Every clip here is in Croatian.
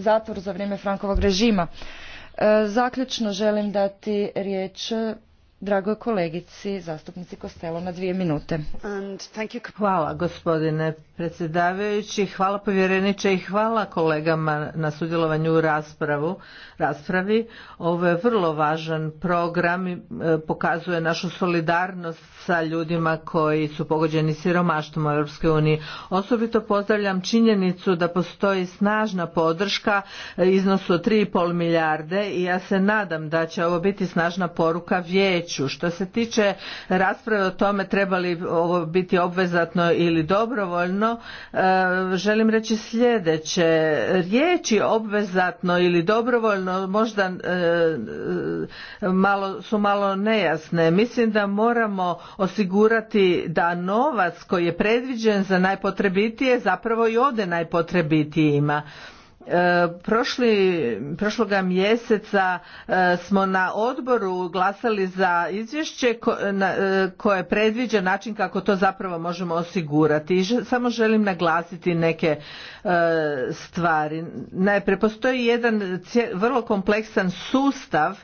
zatvor za vrijeme Frankovog režima. E, zaključno želim dati riječ dragoj kolegici zastupnici Kostelo na dvije minute. Hvala gospodine predsjedavajući, hvala povjereniče i hvala kolegama na sudjelovanju u raspravu, raspravi. Ovo je vrlo važan program i e, pokazuje našu solidarnost sa ljudima koji su pogođeni siromaštvom u EU. Osobito pozdravljam činjenicu da postoji snažna podrška e, iznosu 3,5 milijarde i ja se nadam da će ovo biti snažna poruka vijeća vijeću. Što se tiče rasprave o tome treba li ovo biti obvezatno ili dobrovoljno, e, želim reći sljedeće. Riječi obvezatno ili dobrovoljno možda e, malo, su malo nejasne. Mislim da moramo osigurati da novac koji je predviđen za najpotrebitije zapravo i ode najpotrebitijima. Prošli, prošloga mjeseca e, smo na odboru glasali za izvješće e, koje predviđa način kako to zapravo možemo osigurati i samo želim naglasiti neke e, stvari. Najprije postoji jedan vrlo kompleksan sustav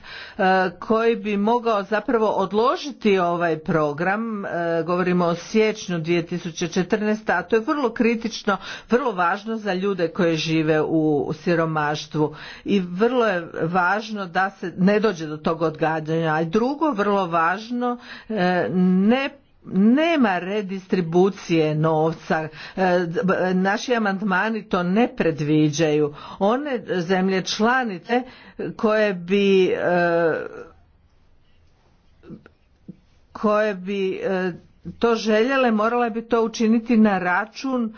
koji bi mogao zapravo odložiti ovaj program, govorimo o siječnju 2014. a to je vrlo kritično, vrlo važno za ljude koji žive u u siromaštvu i vrlo je važno da se ne dođe do tog odgađanja. A drugo, vrlo važno, e, nema redistribucije novca e, naši amandmani to ne predviđaju one zemlje članice koje bi e, koje bi to željele morale bi to učiniti na račun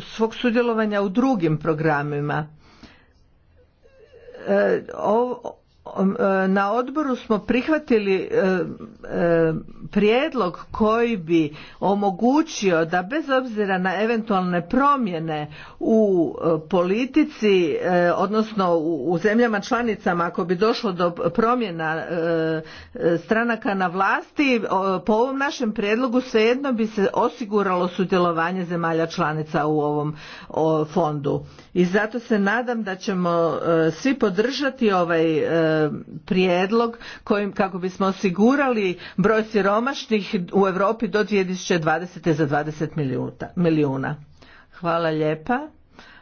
svog sudjelovanja u drugim programima. E, o, Um, e, na odboru smo prihvatili e, e, prijedlog koji bi omogućio da bez obzira na eventualne promjene u politici odnosno u zemljama članicama ako bi došlo do promjena stranaka na vlasti po ovom našem prijedlogu svejedno bi se osiguralo sudjelovanje zemalja članica u ovom fondu i zato se nadam da ćemo svi podržati ovaj prijedlog kojim kako bismo osigurali broj siromašnih u Europi do 2020. za 20 milijuna. Hvala lijepa.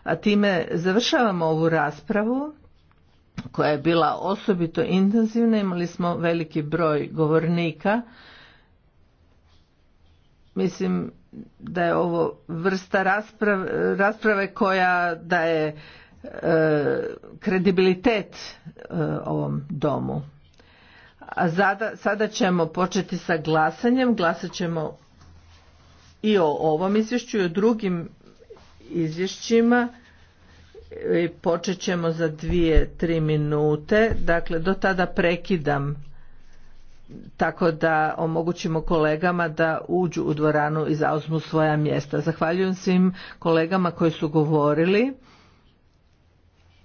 A time završavamo ovu raspravu koja je bila osobito intenzivna. Imali smo veliki broj govornika. Mislim da je ovo vrsta rasprave, rasprave koja da je E, kredibilitet e, ovom domu. A sada ćemo početi sa glasanjem. Glasat ćemo i o ovom izvješću i o drugim izvješćima. Počet ćemo za dvije, tri minute. Dakle, do tada prekidam tako da omogućimo kolegama da uđu u dvoranu i zauzmu svoja mjesta. Zahvaljujem svim kolegama koji su govorili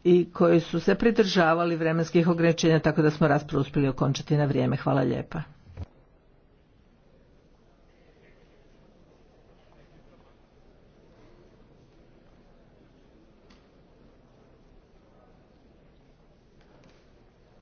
i koji su se pridržavali vremenskih ograničenja tako da smo raspravu uspjeli okončati na vrijeme. Hvala lijepa.